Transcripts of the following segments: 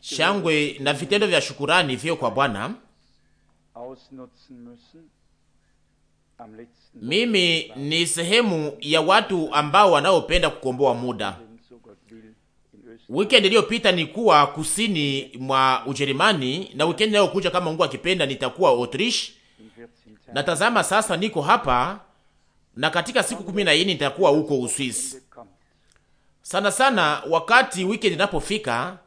Shangwe na vitendo vya shukurani vyo kwa Bwana. Mimi ni sehemu ya watu ambao wanaopenda kukomboa muda. Weekend iliyopita kuwa kusini mwa Ujerumani na weekend inayokuja kama Mungu akipenda nitakuwa Autrish. Natazama sasa niko hapa na katika siku kumi na nne nitakuwa huko Uswisi sana sana wakati weekend inapofika,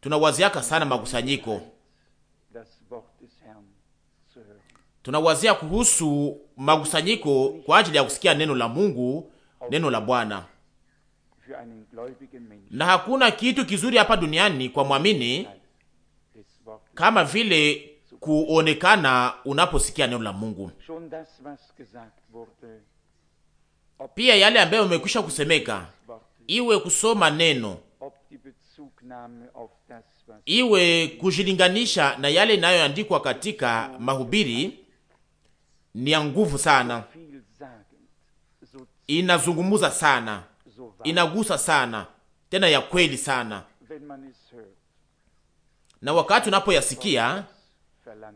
tunawaziaka sana makusanyiko, tunawazia kuhusu makusanyiko kwa ajili ya kusikia neno la Mungu, neno la Bwana. Na hakuna kitu kizuri hapa duniani kwa mwamini kama vile kuonekana unaposikia neno la Mungu pia yale ambayo umekwisha kusemeka, iwe kusoma neno, iwe kujilinganisha na yale inayoandikwa katika mahubiri, ni ya nguvu sana, inazungumuza sana, inagusa sana, tena ya kweli sana, na wakati unapoyasikia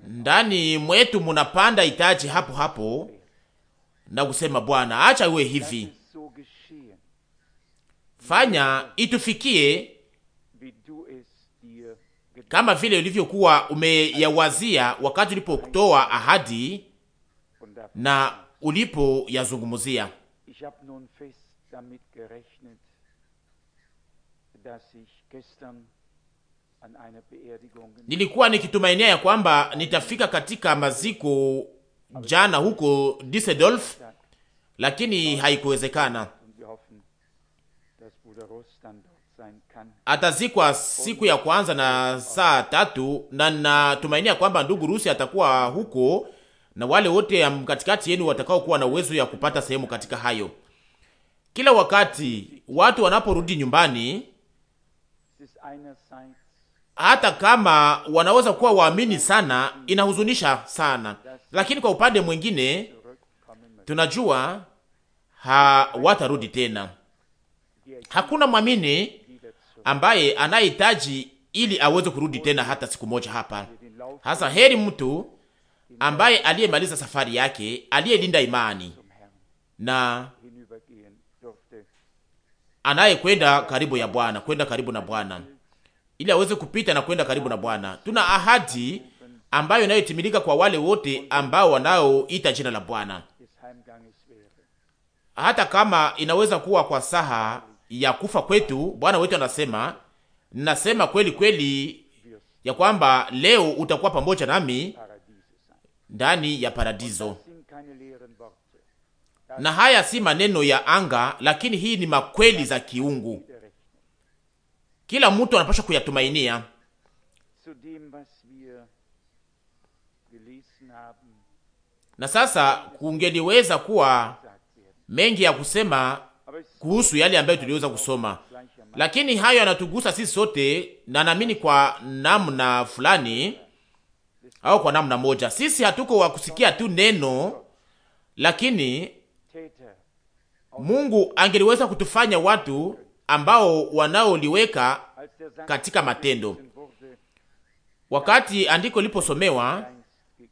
ndani mwetu munapanda itaji hapo hapo na kusema Bwana, acha iwe hivi, fanya itufikie kama vile ulivyokuwa umeyawazia wakati ulipotoa ahadi na ulipoyazungumzia. Nilikuwa nikitumainia ya kwamba nitafika katika maziko jana huko Düsseldorf lakini haikuwezekana. Atazikwa siku ya kwanza na saa tatu, na natumainia kwamba ndugu Rusi atakuwa huko na wale wote katikati yenu watakao kuwa na uwezo ya kupata sehemu katika hayo. Kila wakati watu wanaporudi nyumbani, hata kama wanaweza kuwa waamini sana, inahuzunisha sana, lakini kwa upande mwingine tunajua hawatarudi tena. Hakuna mwamini ambaye anahitaji ili aweze kurudi tena hata siku moja hapa. Hasa heri mtu ambaye aliyemaliza safari yake, aliyelinda imani na anaye kwenda karibu ya Bwana, kwenda karibu na Bwana ili aweze kupita na kwenda karibu na Bwana. Tuna ahadi ambayo inayotimilika kwa wale wote ambao wanaoita jina la Bwana hata kama inaweza kuwa kwa saha ya kufa kwetu. Bwana wetu anasema, nasema kweli kweli ya kwamba leo utakuwa pamoja nami ndani ya paradizo Na haya si maneno ya anga, lakini hii ni makweli za kiungu, kila mtu anapaswa kuyatumainia. Na sasa kungeliweza kuwa mengi ya kusema kuhusu yale ambayo tuliweza kusoma, lakini hayo yanatugusa sisi sote, na naamini kwa namna fulani au kwa namna moja. Sisi hatuko wa kusikia tu neno, lakini Mungu angeliweza kutufanya watu ambao wanaoliweka katika matendo. Wakati andiko liposomewa,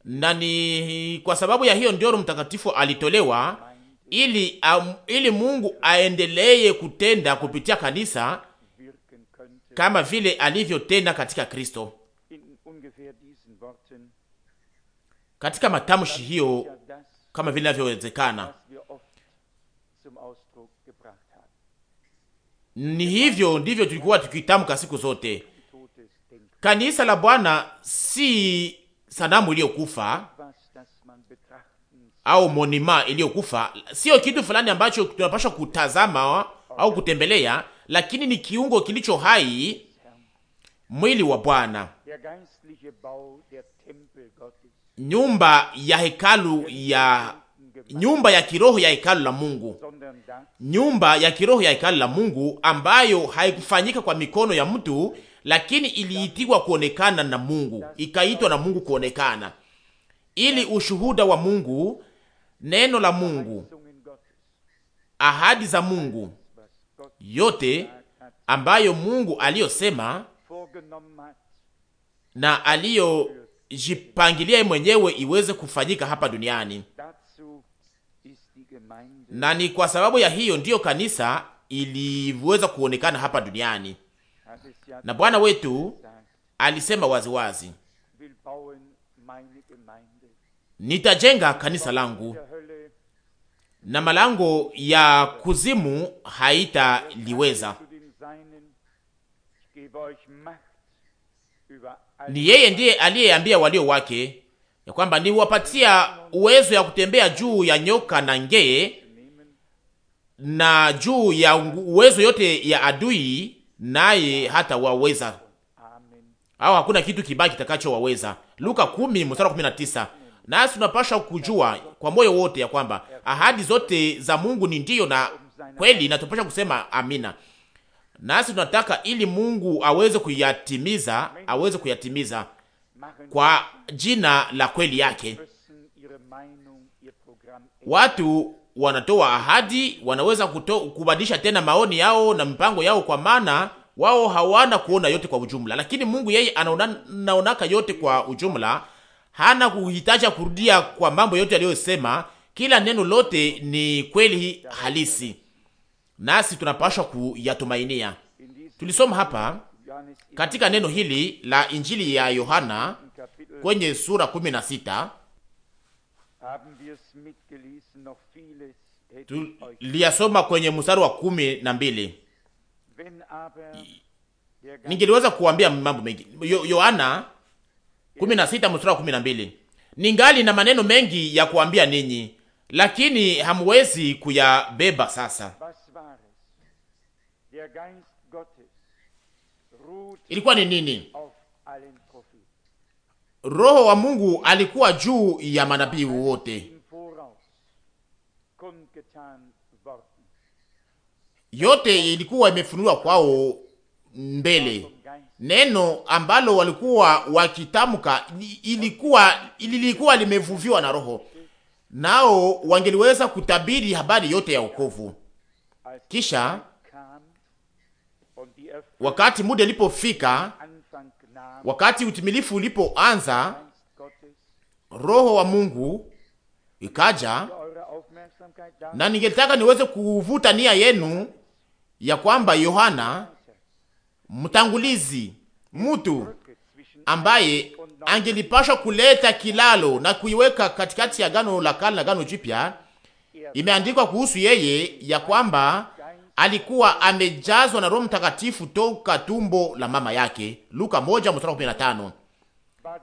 na ni kwa sababu ya hiyo ndio Roho Mtakatifu alitolewa ili, um, ili Mungu aendelee kutenda kupitia kanisa kama vile alivyotenda katika Kristo. Katika matamshi hiyo, kama vile inavyowezekana, ni hivyo ndivyo tulikuwa tukitamka siku zote. Kanisa la Bwana si sanamu iliyokufa, au monima iliyokufa sio kitu fulani ambacho tunapaswa kutazama au kutembelea, lakini ni kiungo kilicho hai, mwili wa Bwana, nyumba ya hekalu ya nyumba ya kiroho ya hekalu la Mungu, nyumba ya kiroho ya hekalu la Mungu ambayo haikufanyika kwa mikono ya mtu, lakini iliitiwa kuonekana na Mungu, ikaitwa na Mungu kuonekana, ili ushuhuda wa Mungu neno la Mungu, ahadi za Mungu, yote ambayo Mungu aliyosema na aliyojipangilia mwenyewe iweze kufanyika hapa duniani, na ni kwa sababu ya hiyo ndiyo kanisa iliweza kuonekana hapa duniani. Na Bwana wetu alisema waziwazi wazi, nitajenga kanisa langu na malango ya kuzimu haitaliweza. Ni yeye ndiye aliyeambia walio wake ya kwamba niwapatia uwezo ya kutembea juu ya nyoka na ngee na juu ya uwezo yote ya adui, naye hata waweza au hakuna kitu kibaya waweza Luka 10 mstari wa 19 nasi tunapasha kujua kwa moyo wote ya kwamba ahadi zote za Mungu ni ndiyo na kweli, na tunapasha kusema amina. Nasi tunataka ili Mungu aweze kuyatimiza, aweze kuyatimiza kwa jina la kweli yake. Watu wanatoa ahadi, wanaweza kubadilisha tena maoni yao na mipango yao, kwa maana wao hawana kuona yote kwa ujumla, lakini Mungu yeye anaonaka yote kwa ujumla hana kuhitaja kurudia kwa mambo yote aliyosema. Kila neno lote ni kweli halisi, nasi tunapashwa kuyatumainia. Tulisoma hapa katika neno hili la Injili ya Yohana kwenye sura 16 tuliyasoma kwenye mstari wa kumi na mbili. Ningeliweza kuambia mambo mengi Yohana 16 mstari wa ningali na maneno mengi ya kuambia ninyi, lakini hamwezi kuyabeba sasa. Ilikuwa ni nini? Roho wa Mungu alikuwa juu ya manabii wote. Yote ilikuwa imefunuliwa kwao mbele neno ambalo walikuwa wakitamka ilikuwa lilikuwa limevuviwa na Roho, nao wangeliweza kutabiri habari yote ya wokovu. Kisha wakati muda ulipofika, wakati utimilifu ulipoanza, Roho wa Mungu ikaja, na ningetaka niweze kuvuta nia yenu ya kwamba Yohana mtangulizi, mtu ambaye angelipashwa kuleta kilalo na kuiweka katikati ya gano la kale na gano jipya. Imeandikwa kuhusu yeye ya kwamba alikuwa amejazwa na Roho Mtakatifu toka tumbo la mama yake, Luka 1:15. na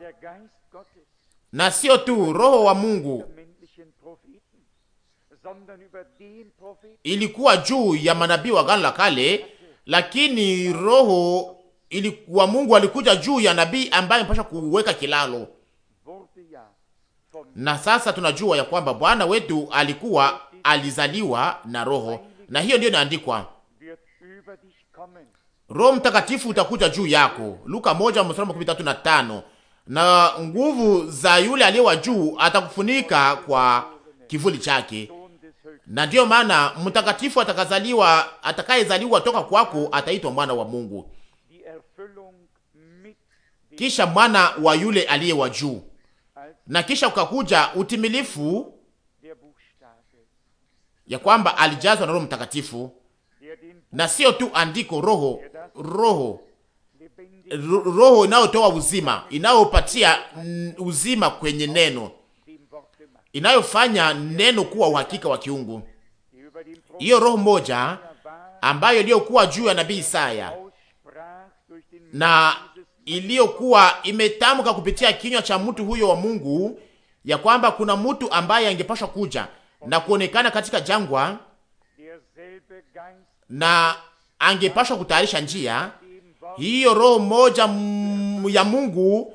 Na sio tu roho wa Mungu ilikuwa juu ya manabii wa gano la kale lakini roho ilikuwa Mungu alikuja juu ya nabii ambaye mpasha kuweka kilalo, na sasa tunajua ya kwamba Bwana wetu alikuwa alizaliwa na roho, na hiyo ndiyo inaandikwa, Roho Mtakatifu utakuja juu yako, Luka moja mstari wa na tano na nguvu za yule aliye wa juu atakufunika kwa kivuli chake na ndiyo maana mtakatifu atakazaliwa atakayezaliwa toka kwako ataitwa mwana wa Mungu, kisha mwana wa yule aliye wa juu. Na kisha ukakuja utimilifu ya kwamba alijazwa na Roho Mtakatifu, na sio tu andiko, roho roho roho inayotoa uzima, inayopatia mm, uzima kwenye neno inayofanya neno kuwa uhakika wa kiungu. Hiyo roho moja ambayo iliyokuwa juu ya nabii Isaya na iliyokuwa imetamka kupitia kinywa cha mtu huyo wa Mungu ya kwamba kuna mtu ambaye angepashwa kuja na kuonekana katika jangwa na angepashwa kutayarisha njia. Hiyo roho moja ya Mungu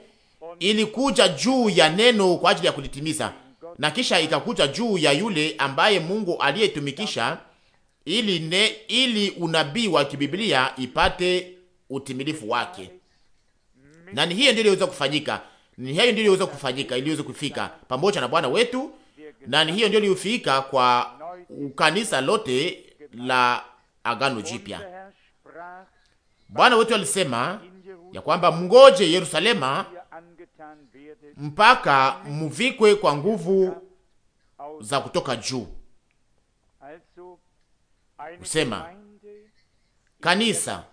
ilikuja juu ya neno kwa ajili ya kulitimiza na kisha ikakuja juu ya yule ambaye Mungu aliyetumikisha ili, ne, ili unabii wa kibiblia ipate utimilifu wake. Na ni hiyo ndiyo iliweza kufanyika, ni hiyo ndiyo iliweza kufanyika, iliweza kufika pamoja na Bwana wetu, na ni hiyo ndiyo iliyofika kwa kanisa lote la Agano Jipya. Bwana wetu alisema ya kwamba mngoje Yerusalema mpaka muvikwe kwa nguvu za kutoka juu. Kusema kanisa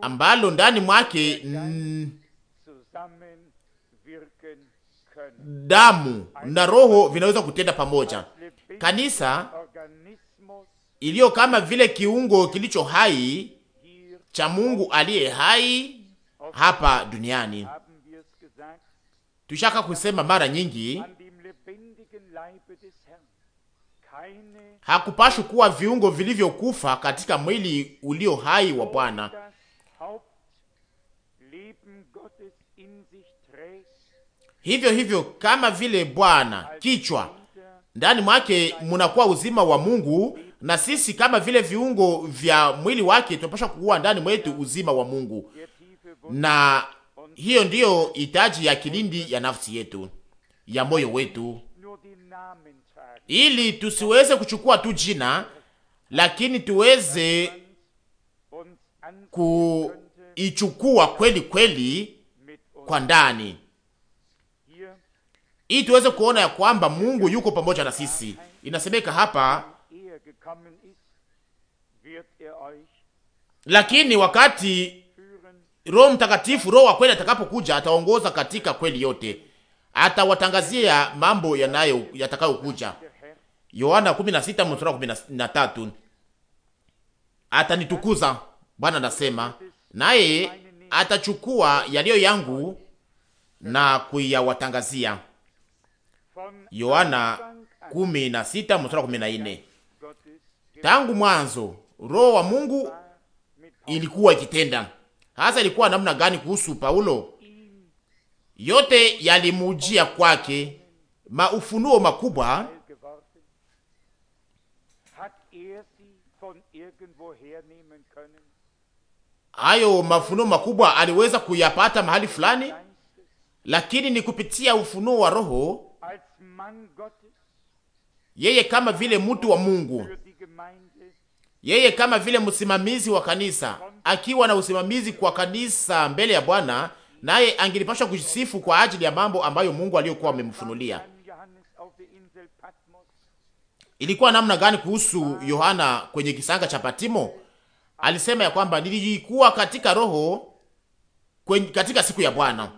ambalo ndani mwake damu na roho vinaweza kutenda pamoja, kanisa iliyo kama vile kiungo kilicho hai cha Mungu aliye hai hapa duniani. Tushaka kusema mara nyingi, hakupashi kuwa viungo vilivyokufa katika mwili ulio hai wa Bwana. Hivyo hivyo kama vile Bwana kichwa ndani mwake munakuwa uzima wa Mungu, na sisi kama vile viungo vya mwili wake tunapasha kuwa ndani mwetu uzima wa Mungu na hiyo ndiyo hitaji ya kilindi ya nafsi yetu ya moyo wetu, ili tusiweze kuchukua tu jina, lakini tuweze kuichukua kweli kweli kwa ndani, ili tuweze kuona ya kwamba Mungu yuko pamoja na sisi. Inasemeka hapa lakini wakati Roho Mtakatifu, Roho wa kweli atakapokuja, ataongoza katika kweli yote, atawatangazia mambo yanayo yatakayokuja. Yohana 16 mstari wa 13, atanitukuza Bwana anasema, naye atachukua yaliyo yangu na kuyawatangazia. Yohana 16 mstari wa 14. Tangu mwanzo Roho wa Mungu ilikuwa ikitenda hasa ilikuwa namna gani kuhusu Paulo? Yote yalimujia kwake, maufunuo makubwa er hayo mafunuo makubwa aliweza kuyapata mahali fulani, lakini ni kupitia ufunuo wa Roho yeye kama vile mtu wa Mungu, yeye kama vile msimamizi wa kanisa, akiwa na usimamizi kwa kanisa mbele ya Bwana, naye angelipashwa kujisifu kwa ajili ya mambo ambayo Mungu aliyokuwa amemfunulia. Ilikuwa namna gani kuhusu Yohana kwenye kisanga cha Patimo? Alisema ya kwamba nilikuwa katika roho kwenye, katika siku ya Bwana.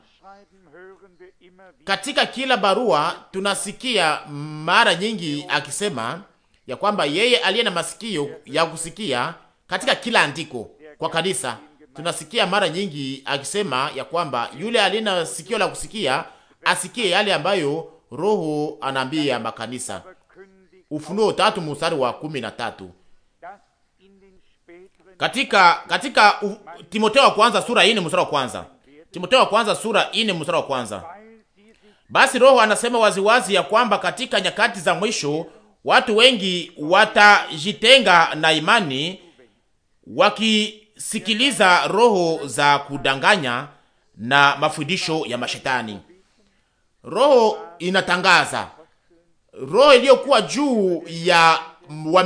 Katika kila barua tunasikia mara nyingi akisema ya kwamba yeye aliye na masikio ya kusikia, katika kila andiko kwa kanisa. Tunasikia mara nyingi akisema ya kwamba yule alina sikio la kusikia asikie yale ambayo Roho anaambia makanisa. Ufunuo tatu mstari wa kumi na tatu. Katika katika u, Timoteo wa kwanza sura ine mstari wa kwanza. Timoteo wa kwanza sura ine mstari wa kwanza. Basi Roho anasema waziwazi ya kwamba katika nyakati za mwisho watu wengi watajitenga na imani waki sikiliza roho za kudanganya na mafundisho ya mashetani. Roho inatangaza, roho iliyokuwa juu ya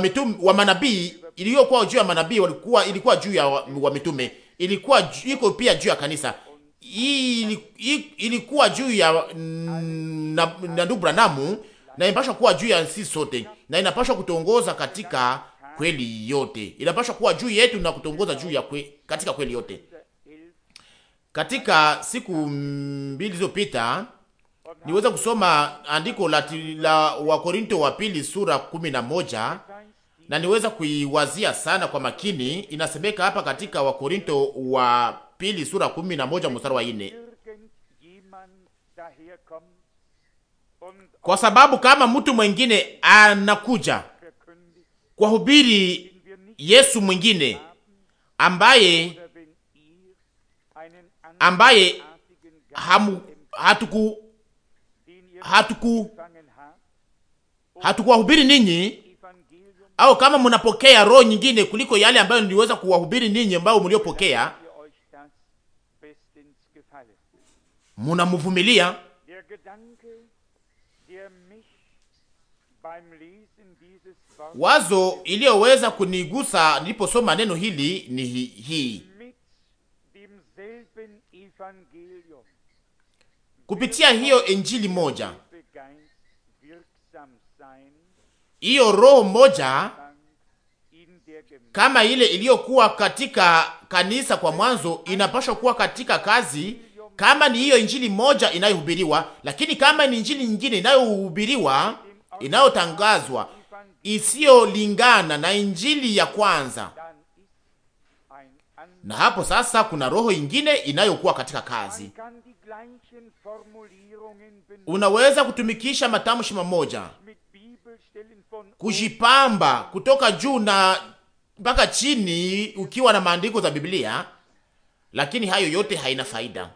mitume wa manabii, iliyokuwa juu ya manabii walikuwa, ilikuwa juu ya mitume, ilikuwa iko pia juu ya kanisa, ilikuwa juu ya ndugu Branamu na inapaswa kuwa juu ya sisi sote na inapashwa kutongoza katika kweli yote, inapaswa kuwa juu yetu na kutongoza juu ya kwe, katika kweli yote. Katika siku mbili zilizopita niweza kusoma andiko la, la Wakorinto wa pili sura kumi na moja na niweza kuiwazia sana kwa makini. Inasemeka hapa katika Wakorinto wa pili sura kumi na moja mstari wa nne kwa sababu kama mtu mwengine anakuja kwa hubiri Yesu mwingine ambaye ambaye hamu, hatuku hatuku hatukuwahubiri ninyi au kama mnapokea roho nyingine kuliko yale ambayo niliweza kuwahubiri ninyi ambayo mliopokea, munamuvumilia Wazo iliyoweza kunigusa niliposoma neno hili ni hii kupitia hiyo Injili moja, hiyo roho moja kama ile iliyokuwa katika kanisa kwa mwanzo, inapaswa kuwa katika kazi. Kama ni hiyo injili moja inayohubiriwa, lakini kama ni injili nyingine inayohubiriwa, inayotangazwa, isiyolingana na injili ya kwanza, na hapo sasa kuna roho ingine inayokuwa katika kazi. Unaweza kutumikisha matamshi mamoja, kujipamba kutoka juu na mpaka chini, ukiwa na maandiko za Biblia, lakini hayo yote haina faida.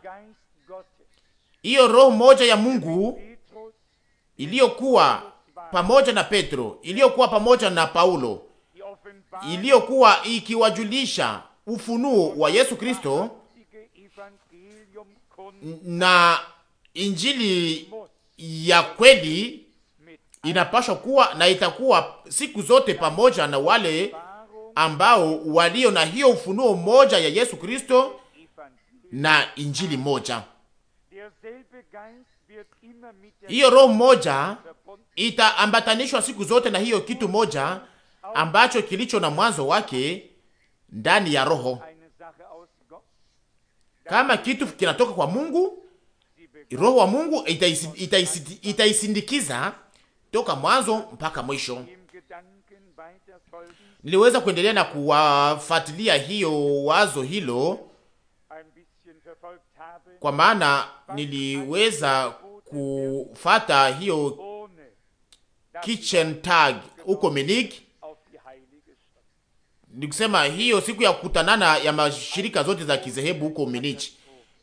Hiyo roho moja ya Mungu iliyokuwa pamoja na Petro, iliyokuwa pamoja na Paulo, iliyokuwa ikiwajulisha ufunuo wa Yesu Kristo na injili ya kweli inapaswa kuwa na itakuwa siku zote pamoja na wale ambao walio na hiyo ufunuo moja ya Yesu Kristo na injili moja. Hiyo roho moja itaambatanishwa siku zote na hiyo kitu moja ambacho kilicho na mwanzo wake ndani ya roho. Kama kitu kinatoka kwa Mungu, roho wa Mungu itaisindikiza toka mwanzo mpaka mwisho. Niliweza kuendelea na kuwafuatilia hiyo wazo hilo, kwa maana niliweza kufata hiyo kitchen tag huko Ni nikusema hiyo siku ya kukutanana ya mashirika zote za kizehebu huko Munich,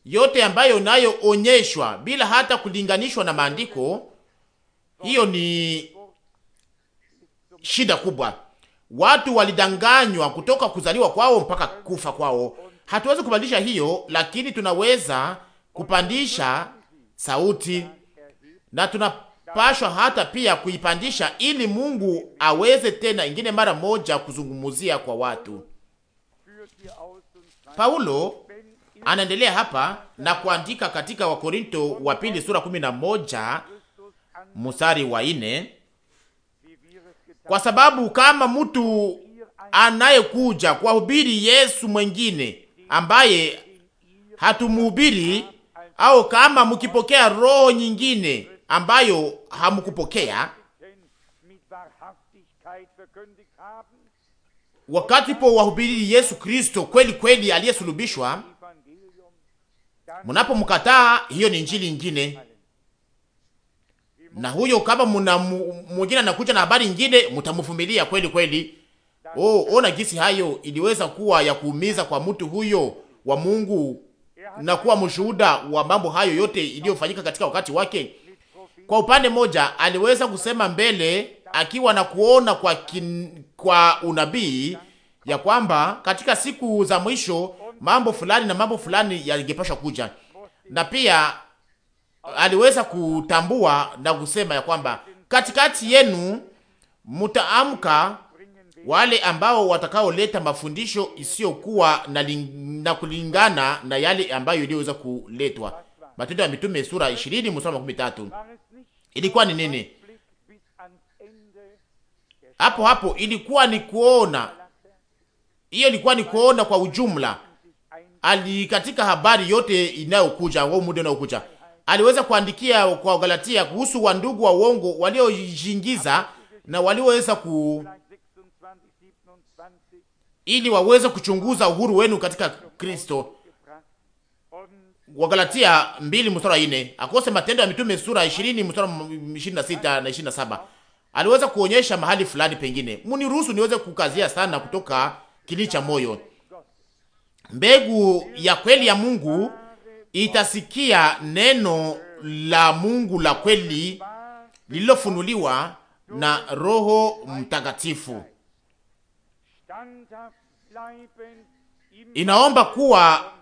yote ambayo nayo onyeshwa bila hata kulinganishwa na maandiko, hiyo ni shida kubwa. Watu walidanganywa kutoka kuzaliwa kwao mpaka kufa kwao. Hatuwezi kubadilisha hiyo, lakini tunaweza kupandisha sauti na tuna pashwa hata pia kuipandisha ili Mungu aweze tena ingine mara moja kuzungumuzia kwa watu. Paulo anaendelea hapa na kuandika katika Wakorinto wa pili sura 11 mstari wa 4, kwa sababu kama mtu anayekuja kuwahubiri Yesu mwengine ambaye hatumhubiri, au kama mkipokea roho nyingine ambayo hamkupokea wakati po wahubiri Yesu Kristo kweli kweli aliyesulubishwa, mnapomkataa, hiyo ni injili ingine. Na huyo kama mna mwingine anakuja na habari ingine, mtamvumilia kweli kweli. Oh, ona gisi hayo iliweza kuwa ya kuumiza kwa mtu huyo wa Mungu na kuwa mshuhuda wa mambo hayo yote iliyofanyika katika wakati wake. Kwa upande moja aliweza kusema mbele akiwa na kuona kwa, kin, kwa unabii ya kwamba katika siku za mwisho mambo fulani na mambo fulani yalingepashwa kuja, na pia aliweza kutambua na kusema ya kwamba katikati yenu mtaamka wale ambao watakaoleta mafundisho isiyokuwa na, na kulingana na yale ambayo iliyoweza kuletwa. Matendo ya Mitume sura 20 mstari wa 13 ilikuwa ni nini? Hapo hapo ilikuwa ni kuona, hiyo ilikuwa ni kuona kwa ujumla ali katika habari yote inayokuja au muda unaokuja aliweza kuandikia kwa Galatia kuhusu wandugu wa uongo waliojiingiza na walioweza ku ili waweze kuchunguza uhuru wenu katika Kristo Wagalatia 2 mstari wa 4, akose Matendo ya Mitume sura 20 mstari wa 26 na 27. Aliweza kuonyesha mahali fulani pengine. rusu niweze kukazia sana kutoka kilii cha moyo. Mbegu ya kweli ya Mungu itasikia neno la Mungu la kweli lililofunuliwa na Roho Mtakatifu. Inaomba kuwa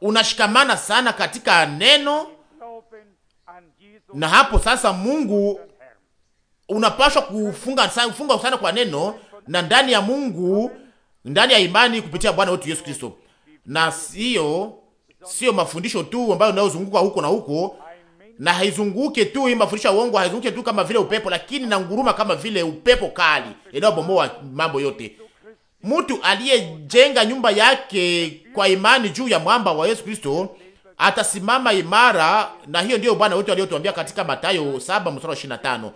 unashikamana sana katika neno, na hapo sasa Mungu unapashwa kufunga sana, kufunga sana kwa neno na ndani ya Mungu, ndani ya imani kupitia Bwana wetu Yesu Kristo, na sio sio mafundisho tu ambayo unayozunguka huko na huko, na haizunguke tu hii mafundisho ya uongo, haizunguke tu kama vile upepo, lakini na nguruma kama vile upepo kali inayobomoa mambo yote. Mtu aliyejenga nyumba yake kwa imani juu ya mwamba wa Yesu Kristo atasimama imara, na hiyo ndiyo Bwana wetu aliyotuambia katika Mathayo 7 mstari 25.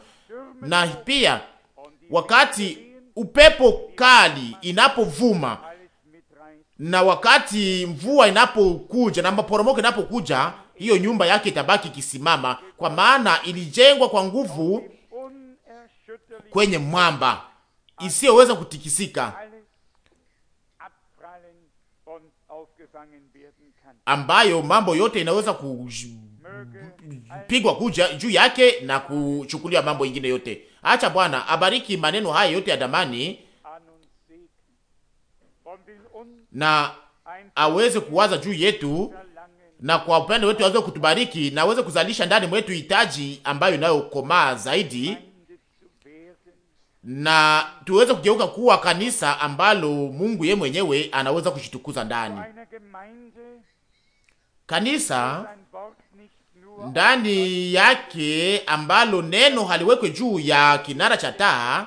Na pia wakati upepo kali inapovuma na wakati mvua inapokuja na maporomoko inapokuja, hiyo nyumba yake itabaki ikisimama, kwa maana ilijengwa kwa nguvu kwenye mwamba isiyoweza kutikisika. ambayo mambo yote inaweza kupigwa kuja juu yake na kuchukuliwa mambo ingine yote. Acha Bwana abariki maneno haya yote ya damani na aweze kuwaza juu yetu na kwa upendo wetu aweze kutubariki na aweze kuzalisha ndani mwetu hitaji ambayo inayokomaa zaidi, na tuweze kugeuka kuwa kanisa ambalo Mungu ye mwenyewe anaweza kushitukuza ndani Kanisa ndani yake ambalo neno haliwekwe juu ya kinara cha taa,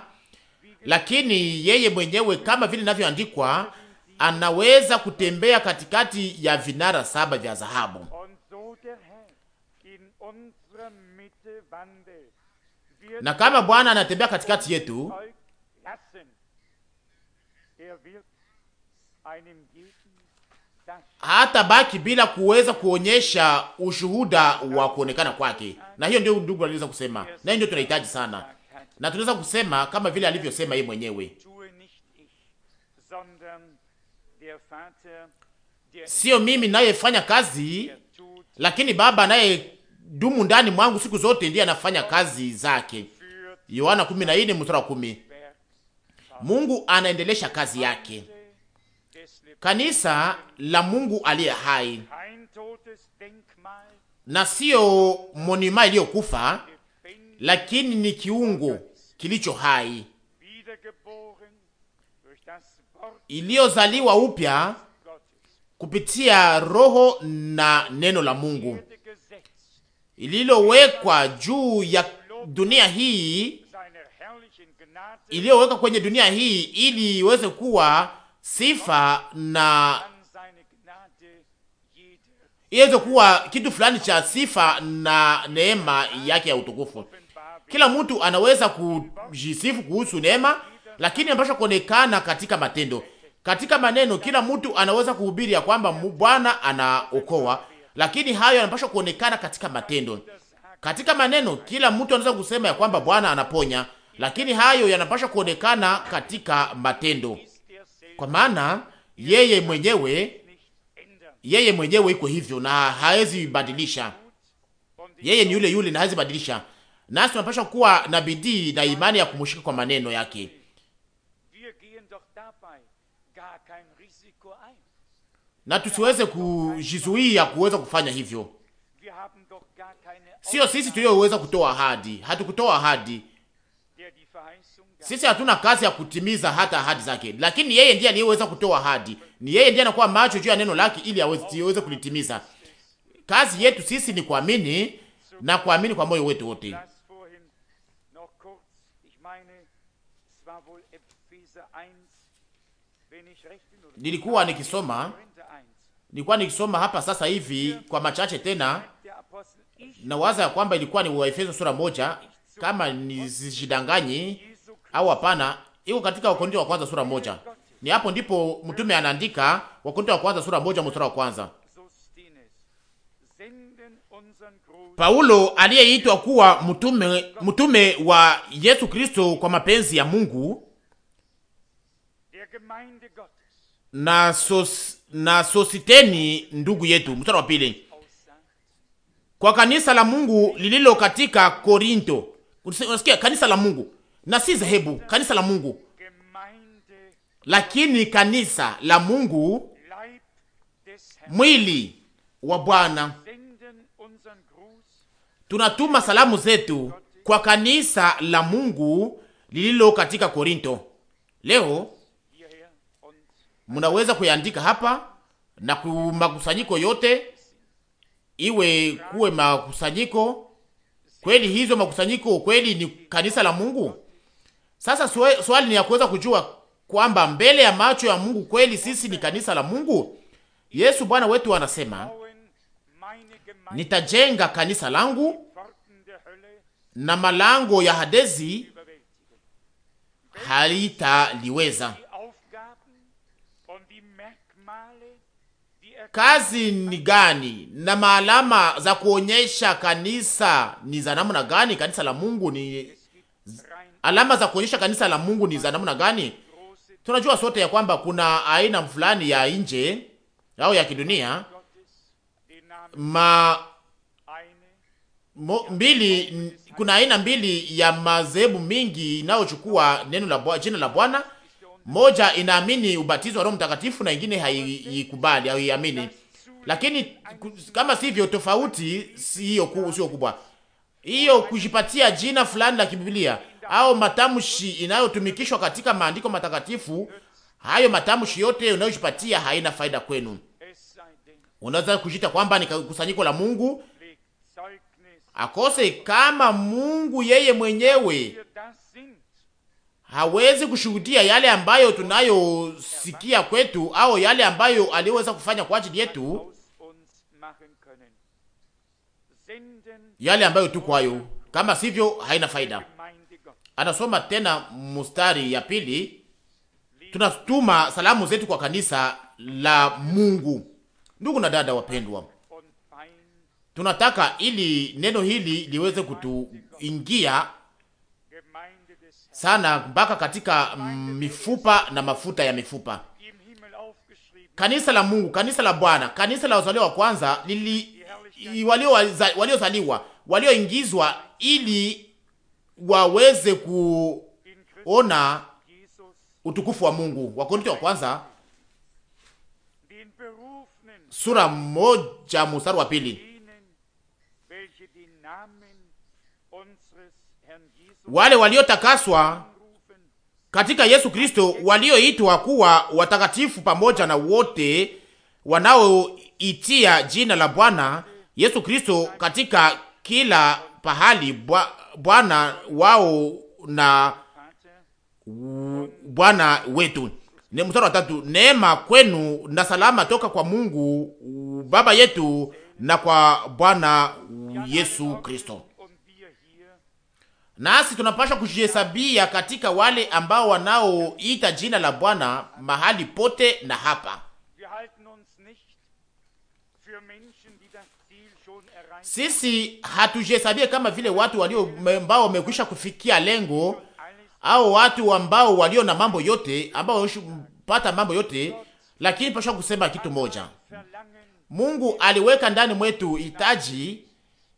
lakini yeye mwenyewe kama vile inavyoandikwa anaweza kutembea katikati ya vinara saba vya dhahabu. Na kama Bwana anatembea katikati yetu, hata baki bila kuweza kuonyesha ushuhuda wa kuonekana kwake. Na hiyo ndio ndugu aliweza kusema, na hiyo ndio tunahitaji sana, na tunaweza kusema kama vile alivyosema yeye mwenyewe, sio mimi nayefanya kazi, lakini Baba naye dumu ndani mwangu siku zote ndiye anafanya kazi zake. Yohana 14 mstari wa 10. Mungu anaendelesha kazi yake kanisa la Mungu aliye hai na siyo monima iliyokufa, lakini ni kiungo kilicho hai iliyozaliwa upya kupitia Roho na neno la Mungu ililowekwa juu ya dunia hii iliyowekwa kwenye dunia hii ili iweze kuwa sifa na iweze kuwa kitu fulani cha sifa na neema yake ya utukufu. Kila mtu anaweza kujisifu kuhusu neema, lakini anapaswa kuonekana katika matendo, katika maneno. Kila mtu anaweza kuhubiri ya kwamba Bwana anaokoa, lakini hayo yanapaswa kuonekana katika matendo. Katika maneno, kila mtu anaweza kusema ya kwamba Bwana anaponya, lakini hayo yanapaswa kuonekana katika matendo kwa maana yeye mwenyewe yeye mwenyewe iko hivyo na hawezi badilisha. Yeye ni yule yule na hawezi badilisha, nasi tunapaswa kuwa na bidii na imani ya kumshika kwa maneno yake. na tusiweze kujizuia kuweza kufanya hivyo. Sio sisi tuliyoweza kutoa ahadi, hatukutoa ahadi, sisi hatuna kazi ya kutimiza hata ahadi zake, lakini yeye ndiye aliyeweza kutoa ahadi. Ni yeye ndiye anakuwa macho juu ya neno lake ili aweze kulitimiza. Kazi yetu sisi ni kuamini na kuamini kwa moyo wetu wote. Nilikuwa nikisoma nilikuwa nikisoma hapa sasa hivi kwa machache tena, na waza ya kwamba ilikuwa ni Waefeso sura moja, kama nizijidanganyi au hapana, iko katika Wakorintho wa kwanza sura moja. Ni hapo ndipo mtume anaandika, Wakorintho wa kwanza sura moja mstari wa kwanza, Paulo aliyeitwa kuwa mtume, mtume wa Yesu Kristo kwa mapenzi ya Mungu na, sos, na Sositeni ndugu yetu. Mstari wa pili kwa kanisa la Mungu lililo katika Korinto. Unasikia, kanisa la Mungu na si zehebu, kanisa la Mungu, lakini kanisa la Mungu, mwili wa Bwana. Tunatuma salamu zetu kwa kanisa la Mungu lililo katika Korinto. Leo munaweza kuyaandika hapa na makusanyiko yote, iwe kuwe makusanyiko kweli, hizo makusanyiko kweli ni kanisa la Mungu sasa swali ni ya kuweza kujua kwamba mbele ya macho ya Mungu kweli sisi ni kanisa la Mungu. Yesu Bwana wetu anasema, nitajenga kanisa langu na malango ya hadezi halitaliweza. Kazi ni gani na maalama za kuonyesha kanisa ni za namna gani? Kanisa la Mungu ni Alama za kuonyesha kanisa la Mungu ni za namna gani? Tunajua sote ya kwamba kuna aina fulani ya nje au ya kidunia ma Mo, mbili kuna aina mbili ya madhehebu mingi inayochukua neno la jina la Bwana. Moja inaamini ubatizo wa Roho Mtakatifu na ingine haikubali au haiamini, lakini kama sivyo, tofauti sio ku, sio kubwa. Hiyo kujipatia jina fulani la Kibiblia au matamshi inayotumikishwa katika maandiko matakatifu, hayo matamshi yote unayojipatia haina faida kwenu. Unaweza kujita kwamba ni kusanyiko la Mungu akose, kama Mungu yeye mwenyewe hawezi kushuhudia yale ambayo tunayosikia kwetu au yale ambayo aliweza kufanya kwa ajili yetu, yale ambayo tuko hayo, kama sivyo haina faida anasoma tena mustari ya pili, tunatuma salamu zetu kwa kanisa la Mungu. Ndugu na dada wapendwa, tunataka ili neno hili liweze kutuingia sana mpaka katika mifupa na mafuta ya mifupa. Kanisa la Mungu, kanisa la Bwana, kanisa la wazaliwa wa kwanza lili waliozaliwa, waliozaliwa walioingizwa ili waweze kuona utukufu wa Mungu. Wakorintho wa kwanza sura moja mstari wa pili. Wale waliotakaswa katika Yesu Kristo, walioitwa kuwa watakatifu pamoja na wote wanaoitia jina la Bwana Yesu Kristo katika kila pahali bwa Bwana wao na Bwana wetu. Ni mstari wa tatu, neema kwenu na salama toka kwa Mungu Baba yetu na kwa Bwana Yesu Kristo. Nasi tunapasha kujihesabia katika wale ambao wanaoita jina la Bwana mahali pote na hapa Sisi hatujihesabie kama vile watu walio ambao wamekwisha kufikia lengo au watu ambao walio na mambo yote ambao wamepata mambo yote, lakini pasha kusema kitu moja. Mungu aliweka ndani mwetu hitaji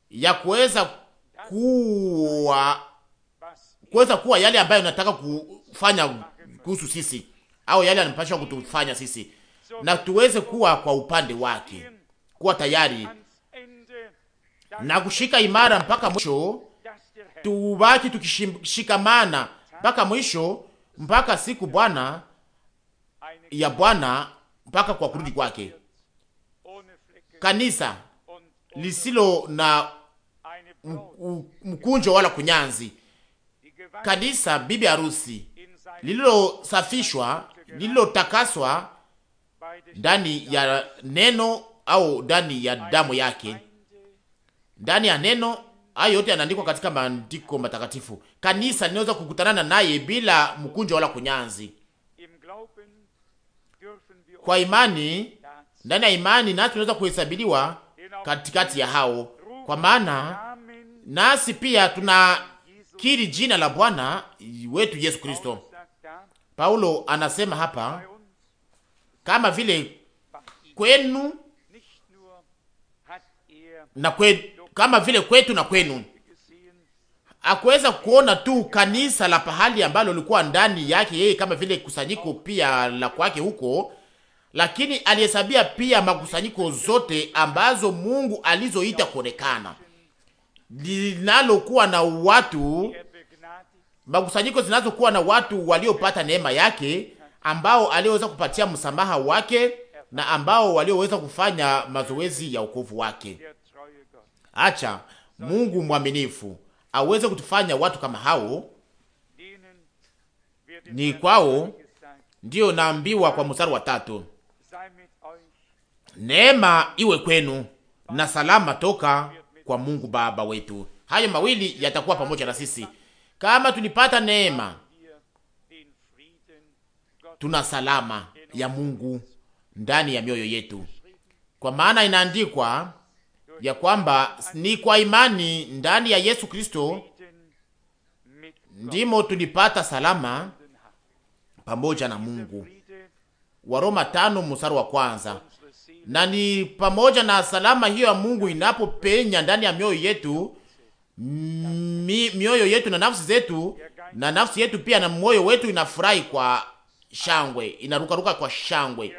ya kuweza kuwa kuweza kuwa yale ambayo nataka kufanya kuhusu sisi au yale anapashwa kutufanya sisi, na tuweze kuwa kwa upande wake, kuwa tayari na kushika imara mpaka mwisho, tubaki tukishikamana mpaka mwisho, mpaka siku Bwana ya Bwana, mpaka kwa kurudi kwake, kanisa lisilo na mkunjo wala kunyanzi, kanisa bibi harusi lililosafishwa, lililotakaswa ndani ya neno au ndani ya damu yake ndani ya neno. Hayo yote yanaandikwa katika maandiko matakatifu. Kanisa linaweza kukutanana naye bila mkunjo wala kunyanzi. Kwa imani, ndani ya imani, nasi tunaweza kuhesabiliwa katikati ya hao, kwa maana nasi pia tunakiri jina la Bwana wetu Yesu Kristo. Paulo anasema hapa kama vile kwenu er na kwenu kama vile kwetu na kwenu. Akuweza kuona tu kanisa la pahali ambalo lilikuwa ndani yake yeye kama vile kusanyiko pia la kwake huko, lakini alihesabia pia makusanyiko zote ambazo Mungu alizoita kuonekana, linalokuwa na watu, makusanyiko zinazokuwa na watu waliopata neema yake, ambao alioweza kupatia msamaha wake na ambao walioweza kufanya mazoezi ya ukovu wake. Acha Mungu mwaminifu aweze kutufanya watu kama hao. Ni kwao ndiyo naambiwa kwa mstari wa tatu, neema iwe kwenu na salama toka kwa Mungu Baba wetu. Hayo mawili yatakuwa pamoja na sisi. Kama tulipata neema, tuna salama ya Mungu ndani ya mioyo yetu, kwa maana inaandikwa ya kwamba ni kwa imani ndani ya Yesu Kristo ndimo tulipata salama pamoja na Mungu. Waroma tano mstari wa kwanza. Na ni pamoja na salama hiyo ya Mungu inapopenya ndani ya mioyo yetu, mi, mioyo yetu na nafsi zetu, na nafsi yetu pia na moyo wetu inafurahi kwa shangwe, inarukaruka kwa shangwe.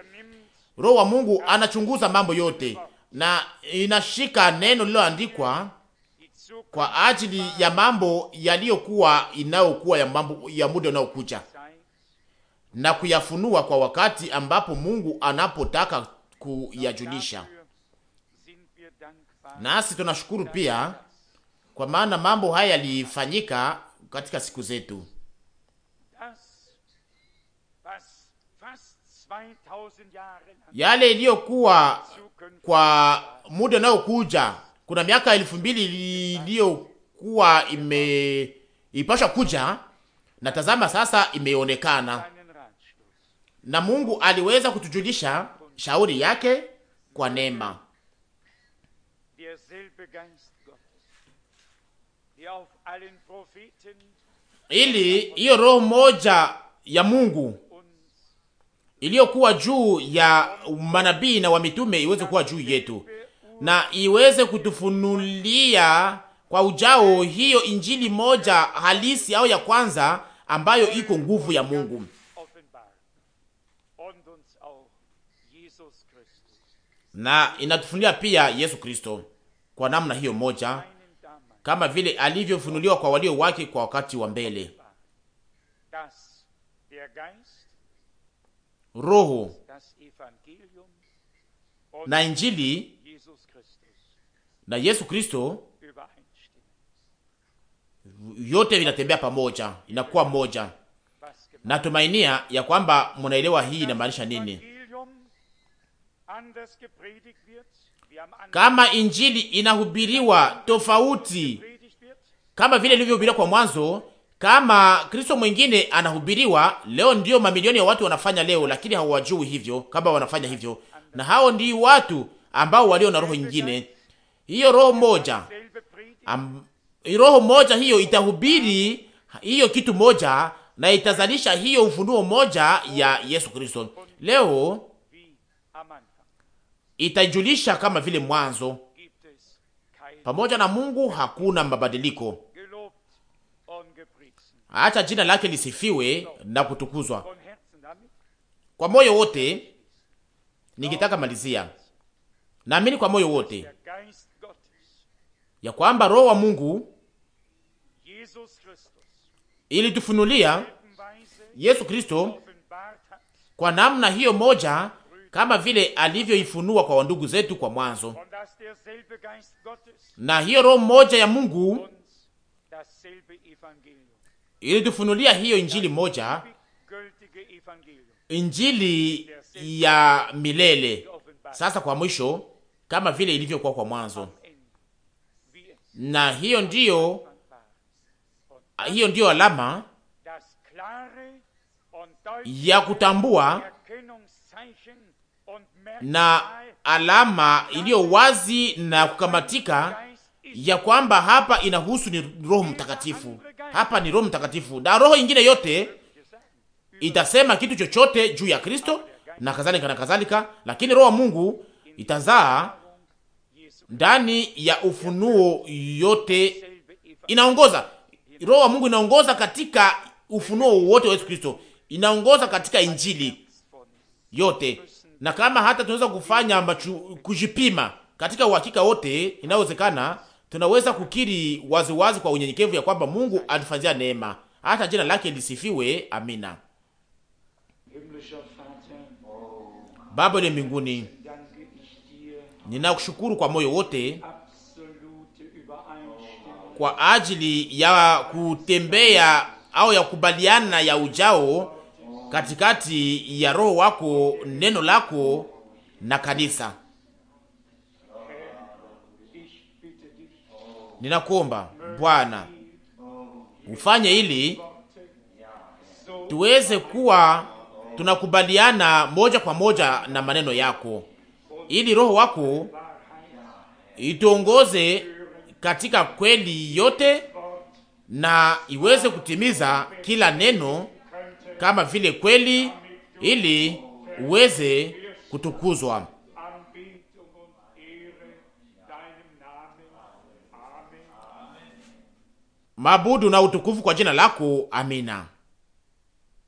Roho wa Mungu anachunguza mambo yote, na inashika neno lililoandikwa kwa ajili ya mambo yaliyokuwa inayokuwa ya mambo ya muda unaokuja na kuyafunua kwa wakati ambapo Mungu anapotaka kuyajulisha. Nasi tunashukuru pia kwa maana mambo haya yalifanyika katika siku zetu yale iliyokuwa kwa muda unaokuja. kuna miaka elfu mbili iliyokuwa imeipashwa kuja, na tazama sasa imeonekana, na Mungu aliweza kutujulisha shauri yake kwa neema. Ili hiyo roho moja ya Mungu iliyokuwa juu ya manabii na wamitume iweze kuwa juu yetu na iweze kutufunulia kwa ujao hiyo injili moja halisi au ya kwanza ambayo iko nguvu ya Mungu na inatufunulia pia Yesu Kristo kwa namna hiyo moja, kama vile alivyofunuliwa kwa walio wake kwa wakati wa mbele. Roho na Injili na Yesu Kristo yote vinatembea pamoja, inakuwa moja. Natumainia ya kwamba munaelewa hii inamaanisha nini. Kama injili inahubiriwa tofauti kama vile ilivyohubiriwa kwa mwanzo, kama Kristo mwingine anahubiriwa leo, ndiyo mamilioni ya watu wanafanya leo, lakini hawajui hivyo kama wanafanya hivyo, na hao ndio watu ambao walio na roho nyingine. Hiyo roho moja Am, roho moja hiyo itahubiri hiyo kitu moja na itazalisha hiyo ufunuo moja ya Yesu Kristo. Leo itajulisha kama vile mwanzo. Pamoja na Mungu hakuna mabadiliko. Acha jina lake lisifiwe na kutukuzwa kwa moyo wote. Ningetaka malizia, naamini kwa moyo wote ya kwamba Roho wa Mungu ilitufunulia Yesu Kristo kwa namna hiyo moja kama vile alivyoifunua kwa wandugu zetu kwa mwanzo, na hiyo roho moja ya Mungu ilitufunulia hiyo injili moja, injili ya milele, sasa kwa mwisho, kama vile ilivyokuwa kwa mwanzo. Na hiyo ndiyo hiyo ndiyo alama ya kutambua na alama iliyo wazi na kukamatika ya kwamba hapa inahusu ni Roho Mtakatifu hapa ni Roho Mtakatifu, na roho nyingine yote itasema kitu chochote juu ya Kristo na kadhalika na kadhalika, lakini roho wa Mungu itazaa ndani ya ufunuo yote, inaongoza roho wa Mungu inaongoza katika ufunuo wote wa Yesu Kristo, inaongoza katika injili yote, na kama hata tunaweza kufanya machu, kujipima katika uhakika wote, inawezekana tunaweza kukiri waziwazi kwa unyenyekevu ya kwamba Mungu atufanyia neema, hata jina lake lisifiwe. Amina. Baba ile mbinguni, ninakushukuru kwa moyo wote kwa ajili ya kutembea au ya kubaliana ya ujao katikati ya Roho wako, neno lako na kanisa. Ninakuomba Bwana ufanye ili tuweze kuwa tunakubaliana moja kwa moja na maneno yako, ili Roho wako ituongoze katika kweli yote na iweze kutimiza kila neno kama vile kweli, ili uweze kutukuzwa. mabudu na utukufu kwa jina lako. Amina.